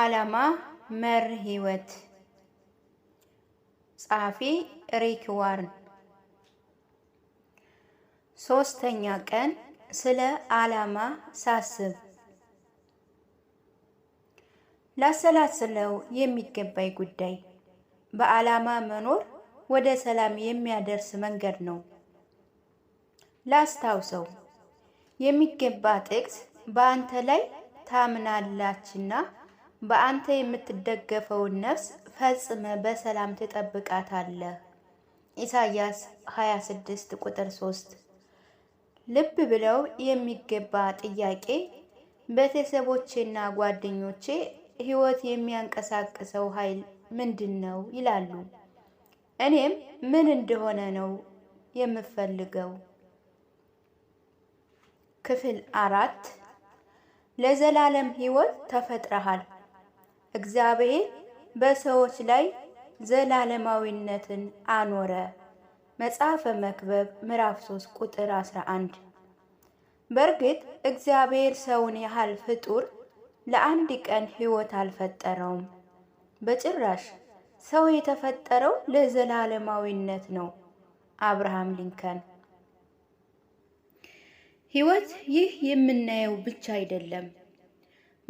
ዓላማ መር ህይወት ጸሐፊ ሪክ ዋርን። ሶስተኛ ቀን ስለ ዓላማ ሳስብ ላሰላስለው የሚገባኝ ጉዳይ በዓላማ መኖር ወደ ሰላም የሚያደርስ መንገድ ነው። ላስታውሰው የሚገባ ጥቅስ በአንተ ላይ ታምናላችና በአንተ የምትደገፈውን ነፍስ ፈጽመ በሰላም ትጠብቃታለህ። ኢሳያስ 26 ቁጥር 3 ልብ ብለው የሚገባ ጥያቄ ቤተሰቦቼና ጓደኞቼ ሕይወት የሚያንቀሳቅሰው ኃይል ምንድን ነው ይላሉ። እኔም ምን እንደሆነ ነው የምፈልገው። ክፍል አራት ለዘላለም ሕይወት ተፈጥረሃል። እግዚአብሔር በሰዎች ላይ ዘላለማዊነትን አኖረ። መጽሐፈ መክብብ ምዕራፍ 3 ቁጥር 11። በእርግጥ እግዚአብሔር ሰውን ያህል ፍጡር ለአንድ ቀን ሕይወት አልፈጠረውም። በጭራሽ ሰው የተፈጠረው ለዘላለማዊነት ነው። አብርሃም ሊንከን ሕይወት ይህ የምናየው ብቻ አይደለም።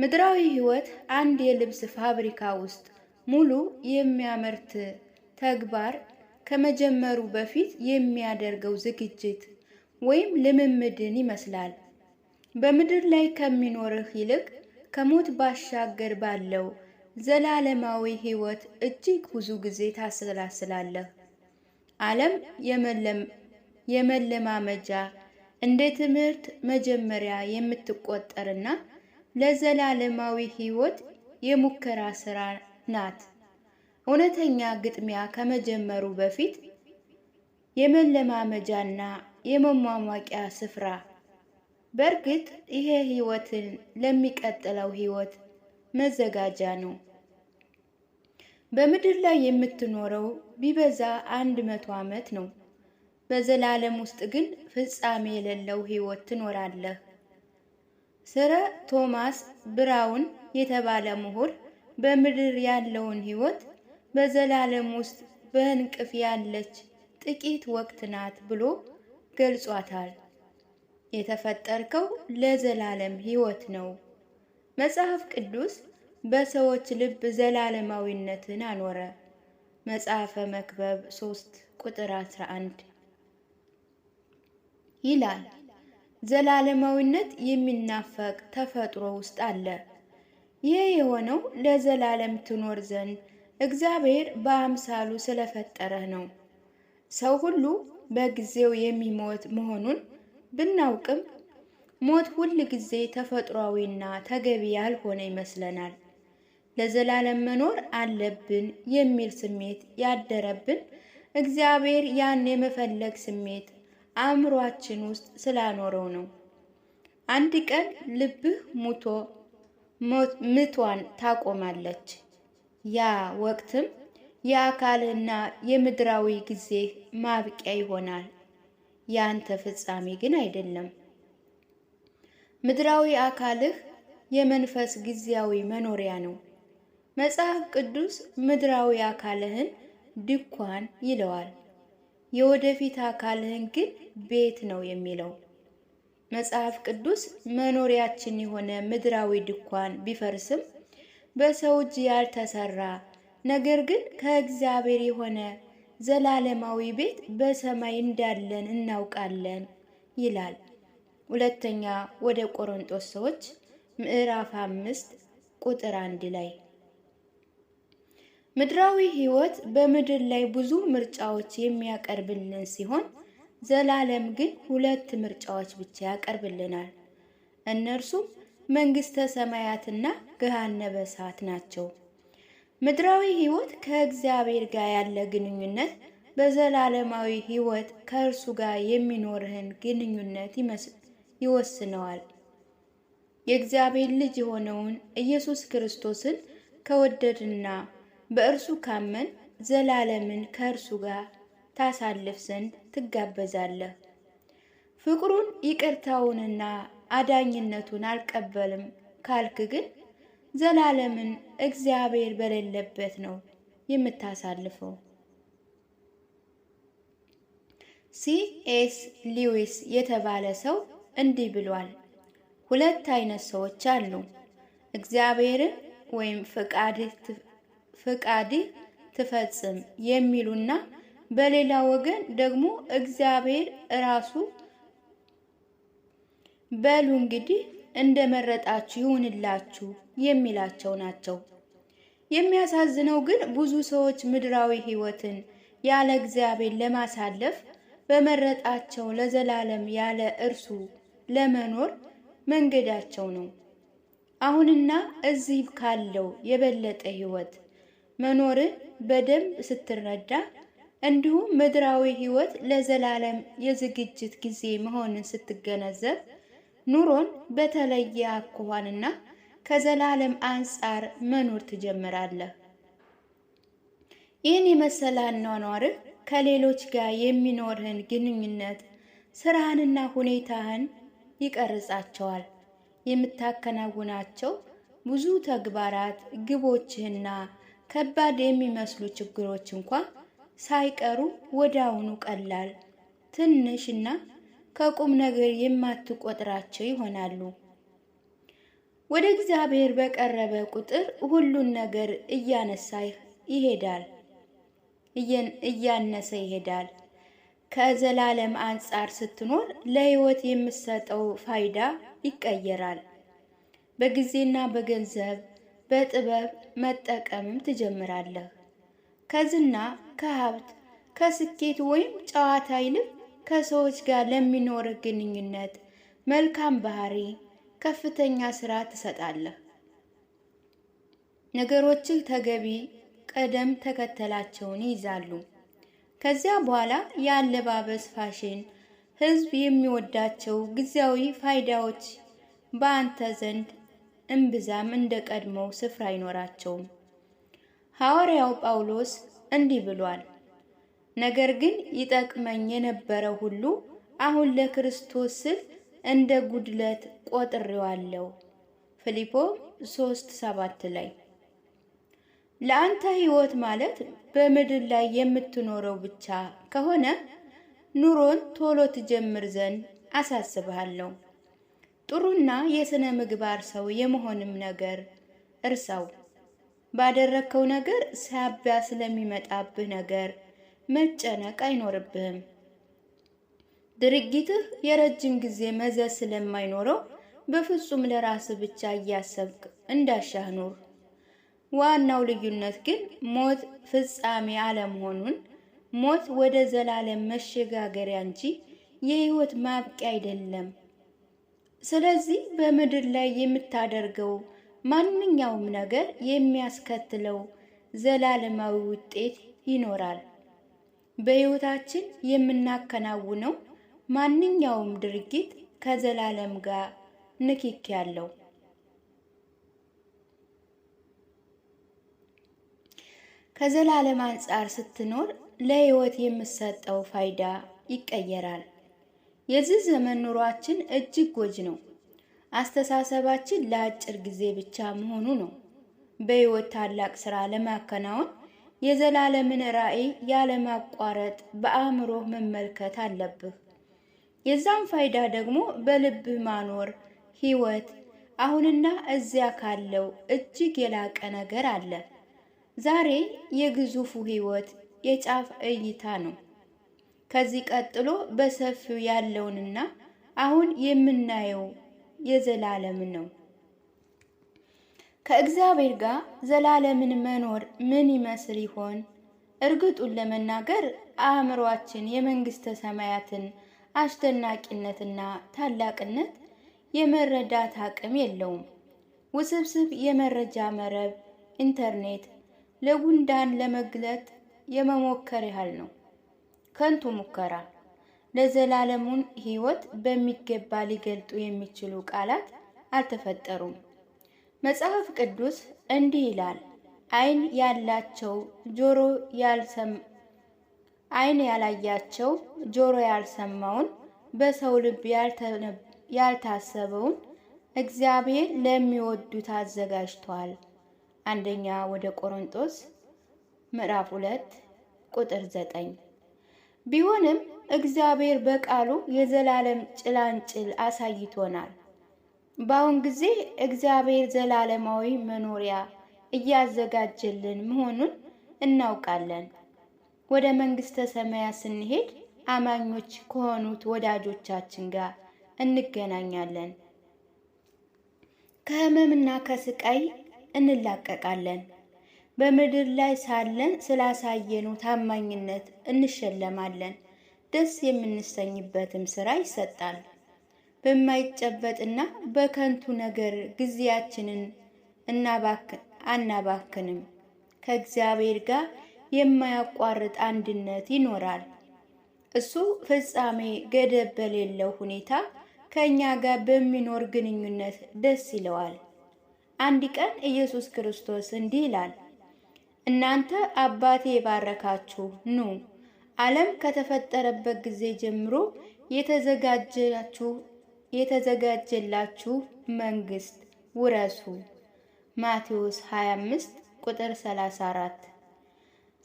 ምድራዊ ሕይወት አንድ የልብስ ፋብሪካ ውስጥ ሙሉ የሚያመርት ተግባር ከመጀመሩ በፊት የሚያደርገው ዝግጅት ወይም ልምምድን ይመስላል። በምድር ላይ ከሚኖርህ ይልቅ ከሞት ባሻገር ባለው ዘላለማዊ ህይወት እጅግ ብዙ ጊዜ ታሰላስላለህ። ዓለም የመለማመጃ እንደ ትምህርት መጀመሪያ የምትቆጠርና ለዘላለማዊ ሕይወት የሙከራ ሥራ ናት። እውነተኛ ግጥሚያ ከመጀመሩ በፊት የመለማመጃና የመሟሟቂያ ስፍራ። በእርግጥ ይሄ ሕይወትን ለሚቀጥለው ሕይወት መዘጋጃ ነው። በምድር ላይ የምትኖረው ቢበዛ አንድ መቶ ዓመት ነው። በዘላለም ውስጥ ግን ፍጻሜ የሌለው ሕይወት ትኖራለህ። ስረ ቶማስ ብራውን የተባለ ምሁር በምድር ያለውን ሕይወት በዘላለም ውስጥ በእንቅፍ ያለች ጥቂት ወቅት ናት ብሎ ገልጿታል። የተፈጠርከው ለዘላለም ሕይወት ነው። መጽሐፍ ቅዱስ በሰዎች ልብ ዘላለማዊነትን አኖረ። መጽሐፈ መክበብ 3 ቁጥር 11 ይላል። ዘላለማዊነት የሚናፈቅ ተፈጥሮ ውስጥ አለ። ይህ የሆነው ለዘላለም ትኖር ዘንድ እግዚአብሔር በአምሳሉ ስለፈጠረህ ነው። ሰው ሁሉ በጊዜው የሚሞት መሆኑን ብናውቅም ሞት ሁል ጊዜ ተፈጥሯዊና ተገቢ ያልሆነ ይመስለናል። ለዘላለም መኖር አለብን የሚል ስሜት ያደረብን እግዚአብሔር ያን የመፈለግ ስሜት አእምሯችን ውስጥ ስላኖረው ነው። አንድ ቀን ልብህ ሙቶ ምቷን ታቆማለች። ያ ወቅትም የአካልና የምድራዊ ጊዜ ማብቂያ ይሆናል። ያንተ ፍጻሜ ግን አይደለም። ምድራዊ አካልህ የመንፈስ ጊዜያዊ መኖሪያ ነው። መጽሐፍ ቅዱስ ምድራዊ አካልህን ድኳን ይለዋል። የወደፊት አካልህን ግን ቤት ነው የሚለው መጽሐፍ ቅዱስ። መኖሪያችን የሆነ ምድራዊ ድኳን ቢፈርስም በሰው እጅ ያልተሰራ ነገር ግን ከእግዚአብሔር የሆነ ዘላለማዊ ቤት በሰማይ እንዳለን እናውቃለን ይላል። ሁለተኛ ወደ ቆሮንጦስ ሰዎች ምዕራፍ አምስት ቁጥር አንድ ላይ ምድራዊ ሕይወት በምድር ላይ ብዙ ምርጫዎች የሚያቀርብልን ሲሆን ዘላለም ግን ሁለት ምርጫዎች ብቻ ያቀርብልናል። እነርሱም መንግስተ ሰማያትና ገሃነመ እሳት ናቸው። ምድራዊ ሕይወት ከእግዚአብሔር ጋር ያለ ግንኙነት በዘላለማዊ ሕይወት ከእርሱ ጋር የሚኖርህን ግንኙነት ይወስነዋል። የእግዚአብሔር ልጅ የሆነውን ኢየሱስ ክርስቶስን ከወደድና በእርሱ ካመን ዘላለምን ከእርሱ ጋር ታሳልፍ ዘንድ ትጋበዛለህ። ፍቅሩን ይቅርታውንና አዳኝነቱን አልቀበልም ካልክ ግን ዘላለምን እግዚአብሔር በሌለበት ነው የምታሳልፈው። ሲኤስ ሊዊስ የተባለ ሰው እንዲህ ብሏል። ሁለት አይነት ሰዎች አሉ። እግዚአብሔርን ወይም ፈቃድ ፍቃድህ ትፈጽም የሚሉና በሌላ ወገን ደግሞ እግዚአብሔር እራሱ በሉ እንግዲህ እንደመረጣችሁ ይሁንላችሁ የሚላቸው ናቸው። የሚያሳዝነው ግን ብዙ ሰዎች ምድራዊ ሕይወትን ያለ እግዚአብሔር ለማሳለፍ በመረጣቸው ለዘላለም ያለ እርሱ ለመኖር መንገዳቸው ነው። አሁንና እዚህ ካለው የበለጠ ሕይወት መኖርን በደንብ ስትረዳ እንዲሁም ምድራዊ ህይወት ለዘላለም የዝግጅት ጊዜ መሆንን ስትገነዘብ ኑሮን በተለየ አኳኋንና ከዘላለም አንጻር መኖር ትጀምራለህ። ይህን የመሰለ አኗኗርህ ከሌሎች ጋር የሚኖርህን ግንኙነት ስራህንና ሁኔታህን ይቀርጻቸዋል። የምታከናውናቸው ብዙ ተግባራት ግቦችህና ከባድ የሚመስሉ ችግሮች እንኳ ሳይቀሩ ወዲያውኑ ቀላል፣ ትንሽ እና ከቁም ነገር የማትቆጥራቸው ይሆናሉ። ወደ እግዚአብሔር በቀረበ ቁጥር ሁሉን ነገር እያነሳ ይሄዳል እያነሰ ይሄዳል። ከዘላለም አንጻር ስትኖር ለሕይወት የምትሰጠው ፋይዳ ይቀየራል። በጊዜና በገንዘብ በጥበብ መጠቀምም ትጀምራለህ። ከዝና ከሀብት ከስኬት ወይም ጨዋታ ይልቅ ከሰዎች ጋር ለሚኖር ግንኙነት መልካም ባህሪ ከፍተኛ ስራ ትሰጣለህ። ነገሮችህ ተገቢ ቀደም ተከተላቸውን ይይዛሉ። ከዚያ በኋላ የአለባበስ ፋሽን፣ ህዝብ የሚወዳቸው ጊዜያዊ ፋይዳዎች በአንተ ዘንድ እምብዛም እንደ ቀድሞው ስፍራ አይኖራቸውም። ሐዋርያው ጳውሎስ እንዲህ ብሏል፣ ነገር ግን ይጠቅመኝ የነበረ ሁሉ አሁን ለክርስቶስ ስል እንደ ጉድለት ቆጥሬዋለሁ። ፊልጶ 3:7 ላይ ለአንተ ሕይወት ማለት በምድር ላይ የምትኖረው ብቻ ከሆነ ኑሮን ቶሎ ትጀምር ዘንድ አሳስብሃለሁ። ጥሩና የሥነ ምግባር ሰው የመሆንም ነገር እርሳው። ባደረግከው ነገር ሳቢያ ስለሚመጣብህ ነገር መጨነቅ አይኖርብህም። ድርጊትህ የረጅም ጊዜ መዘዝ ስለማይኖረው በፍጹም ለራስህ ብቻ እያሰብክ እንዳሻህ ኑር። ዋናው ልዩነት ግን ሞት ፍጻሜ አለመሆኑን፣ ሞት ወደ ዘላለም መሸጋገሪያ እንጂ የህይወት ማብቂያ አይደለም ስለዚህ በምድር ላይ የምታደርገው ማንኛውም ነገር የሚያስከትለው ዘላለማዊ ውጤት ይኖራል። በሕይወታችን የምናከናውነው ማንኛውም ድርጊት ከዘላለም ጋር ንክኪ ያለው ከዘላለም አንጻር ስትኖር ለሕይወት የምትሰጠው ፋይዳ ይቀየራል። የዚህ ዘመን ኑሯችን እጅግ ጎጅ ነው። አስተሳሰባችን ለአጭር ጊዜ ብቻ መሆኑ ነው። በሕይወት ታላቅ ሥራ ለማከናወን የዘላለምን ራዕይ ያለማቋረጥ በአእምሮህ መመልከት አለብህ። የዛም ፋይዳ ደግሞ በልብህ ማኖር ሕይወት አሁንና እዚያ ካለው እጅግ የላቀ ነገር አለ። ዛሬ የግዙፉ ሕይወት የጫፍ እይታ ነው። ከዚህ ቀጥሎ በሰፊው ያለውንና አሁን የምናየው የዘላለም ነው። ከእግዚአብሔር ጋር ዘላለምን መኖር ምን ይመስል ይሆን? እርግጡን ለመናገር አእምሯችን የመንግስተ ሰማያትን አስደናቂነትና ታላቅነት የመረዳት አቅም የለውም። ውስብስብ የመረጃ መረብ ኢንተርኔት ለጉንዳን ለመግለጥ የመሞከር ያህል ነው። ከንቱ ሙከራ ለዘላለሙን ሕይወት በሚገባ ሊገልጡ የሚችሉ ቃላት አልተፈጠሩም። መጽሐፍ ቅዱስ እንዲህ ይላል፣ ዓይን ያላቸው ጆሮ ያልሰም ዓይን ያላያቸው ጆሮ ያልሰማውን በሰው ልብ ያልታሰበውን እግዚአብሔር ለሚወዱት አዘጋጅቷል። አንደኛ ወደ ቆሮንቶስ ምዕራፍ 2 ቁጥር 9 ቢሆንም እግዚአብሔር በቃሉ የዘላለም ጭላንጭል አሳይቶናል። በአሁን ጊዜ እግዚአብሔር ዘላለማዊ መኖሪያ እያዘጋጀልን መሆኑን እናውቃለን። ወደ መንግሥተ ሰማያት ስንሄድ አማኞች ከሆኑት ወዳጆቻችን ጋር እንገናኛለን። ከሕመምና ከስቃይ እንላቀቃለን። በምድር ላይ ሳለን ስላሳየነው ታማኝነት እንሸለማለን። ደስ የምንሰኝበትም ስራ ይሰጣል። በማይጨበጥና በከንቱ ነገር ጊዜያችንን አናባክንም። ከእግዚአብሔር ጋር የማያቋርጥ አንድነት ይኖራል። እሱ ፍጻሜ ገደብ በሌለው ሁኔታ ከእኛ ጋር በሚኖር ግንኙነት ደስ ይለዋል። አንድ ቀን ኢየሱስ ክርስቶስ እንዲህ ይላል፣ እናንተ አባቴ የባረካችሁ ኑ ዓለም ከተፈጠረበት ጊዜ ጀምሮ የተዘጋጀላችሁ መንግስት ውረሱ። ማቴዎስ 25 ቁጥር 34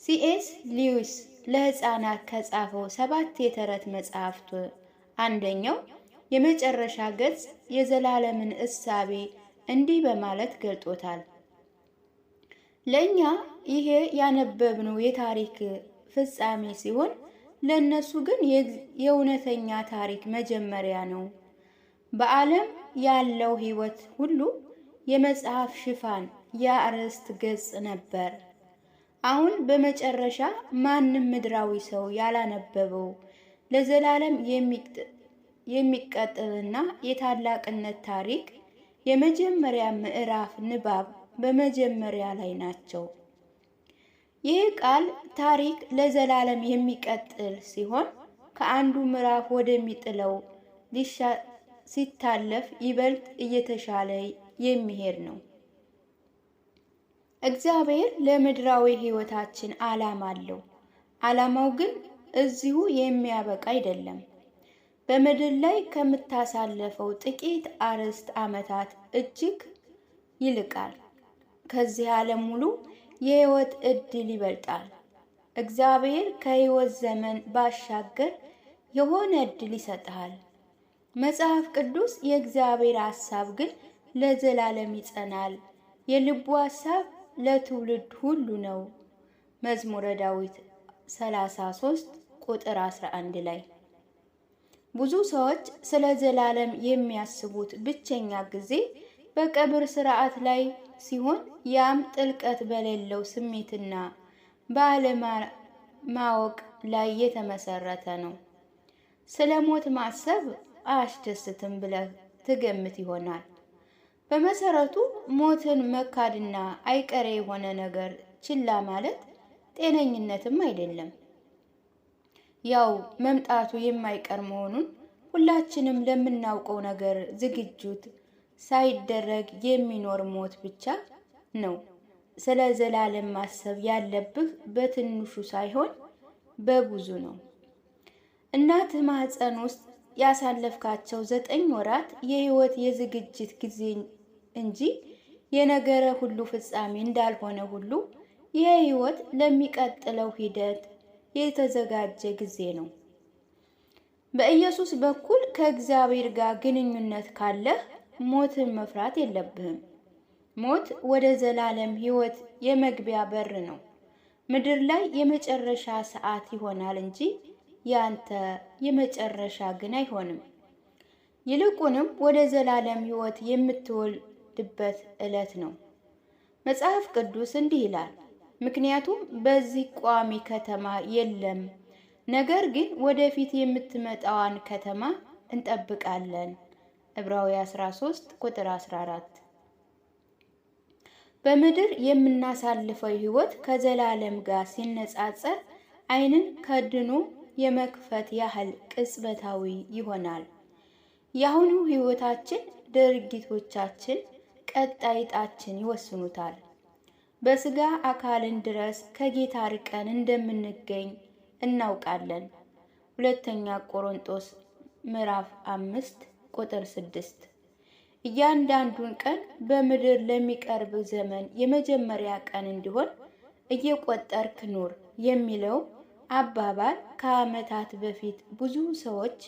ሲኤስ ሊዊስ ለህፃናት ከጻፈው ሰባት የተረት መጽሐፍት አንደኛው የመጨረሻ ገጽ የዘላለምን እሳቤ እንዲህ በማለት ገልጦታል። ለእኛ ይሄ ያነበብነው የታሪክ ፍጻሜ ሲሆን ለእነሱ ግን የእውነተኛ ታሪክ መጀመሪያ ነው። በዓለም ያለው ሕይወት ሁሉ የመጽሐፍ ሽፋን የአርዕስት ገጽ ነበር። አሁን በመጨረሻ ማንም ምድራዊ ሰው ያላነበበው ለዘላለም የሚቀጥልና የታላቅነት ታሪክ የመጀመሪያ ምዕራፍ ንባብ በመጀመሪያ ላይ ናቸው። ይህ ቃል ታሪክ ለዘላለም የሚቀጥል ሲሆን ከአንዱ ምዕራፍ ወደሚጥለው ሲታለፍ ይበልጥ እየተሻለ የሚሄድ ነው። እግዚአብሔር ለምድራዊ ሕይወታችን ዓላማ አለው። ዓላማው ግን እዚሁ የሚያበቃ አይደለም። በምድር ላይ ከምታሳለፈው ጥቂት አርዕስት ዓመታት እጅግ ይልቃል። ከዚህ ዓለም ሙሉ የህይወት እድል ይበልጣል። እግዚአብሔር ከህይወት ዘመን ባሻገር የሆነ እድል ይሰጥሃል። መጽሐፍ ቅዱስ የእግዚአብሔር ሐሳብ ግን ለዘላለም ይጸናል፣ የልቡ ሐሳብ ለትውልድ ሁሉ ነው። መዝሙረ ዳዊት 33 ቁጥር 11 ላይ ብዙ ሰዎች ስለ ዘላለም የሚያስቡት ብቸኛ ጊዜ በቀብር ስርዓት ላይ ሲሆን ያም ጥልቀት በሌለው ስሜትና ባለማወቅ ላይ የተመሰረተ ነው። ስለ ሞት ማሰብ አያስደስትም ብለህ ትገምት ይሆናል። በመሰረቱ ሞትን መካድና አይቀሬ የሆነ ነገር ችላ ማለት ጤነኝነትም አይደለም። ያው መምጣቱ የማይቀር መሆኑን ሁላችንም ለምናውቀው ነገር ዝግጁት ሳይደረግ የሚኖር ሞት ብቻ ነው። ስለ ዘላለም ማሰብ ያለብህ በትንሹ ሳይሆን በብዙ ነው። እናትህ ማህፀን ውስጥ ያሳለፍካቸው ዘጠኝ ወራት የህይወት የዝግጅት ጊዜ እንጂ የነገረ ሁሉ ፍጻሜ እንዳልሆነ ሁሉ ይህ ህይወት ለሚቀጥለው ሂደት የተዘጋጀ ጊዜ ነው። በኢየሱስ በኩል ከእግዚአብሔር ጋር ግንኙነት ካለህ ሞትን መፍራት የለብህም። ሞት ወደ ዘላለም ሕይወት የመግቢያ በር ነው። ምድር ላይ የመጨረሻ ሰዓት ይሆናል እንጂ ያንተ የመጨረሻ ግን አይሆንም። ይልቁንም ወደ ዘላለም ሕይወት የምትወልድበት ዕለት ነው። መጽሐፍ ቅዱስ እንዲህ ይላል፣ ምክንያቱም በዚህ ቋሚ ከተማ የለም፣ ነገር ግን ወደፊት የምትመጣዋን ከተማ እንጠብቃለን። ዕብራዊ 13 ቁጥር 14 በምድር የምናሳልፈው ህይወት ከዘላለም ጋር ሲነጻጸር አይንን ከድኑ የመክፈት ያህል ቅጽበታዊ ይሆናል። የአሁኑ ህይወታችን ድርጊቶቻችን ቀጣይ ዕጣችን ይወስኑታል። በስጋ አካልን ድረስ ከጌታ ርቀን እንደምንገኝ እናውቃለን። ሁለተኛ ቆሮንጦስ ምዕራፍ አምስት ቁጥር ስድስት እያንዳንዱን ቀን በምድር ለሚቀርብ ዘመን የመጀመሪያ ቀን እንዲሆን እየቆጠርክ ኑር የሚለው አባባል ከዓመታት በፊት ብዙ ሰዎች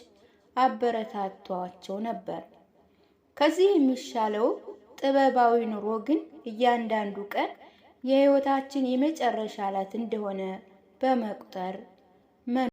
አበረታቷቸው ነበር። ከዚህ የሚሻለው ጥበባዊ ኑሮ ግን እያንዳንዱ ቀን የሕይወታችን የመጨረሻ ዕለት እንደሆነ በመቁጠር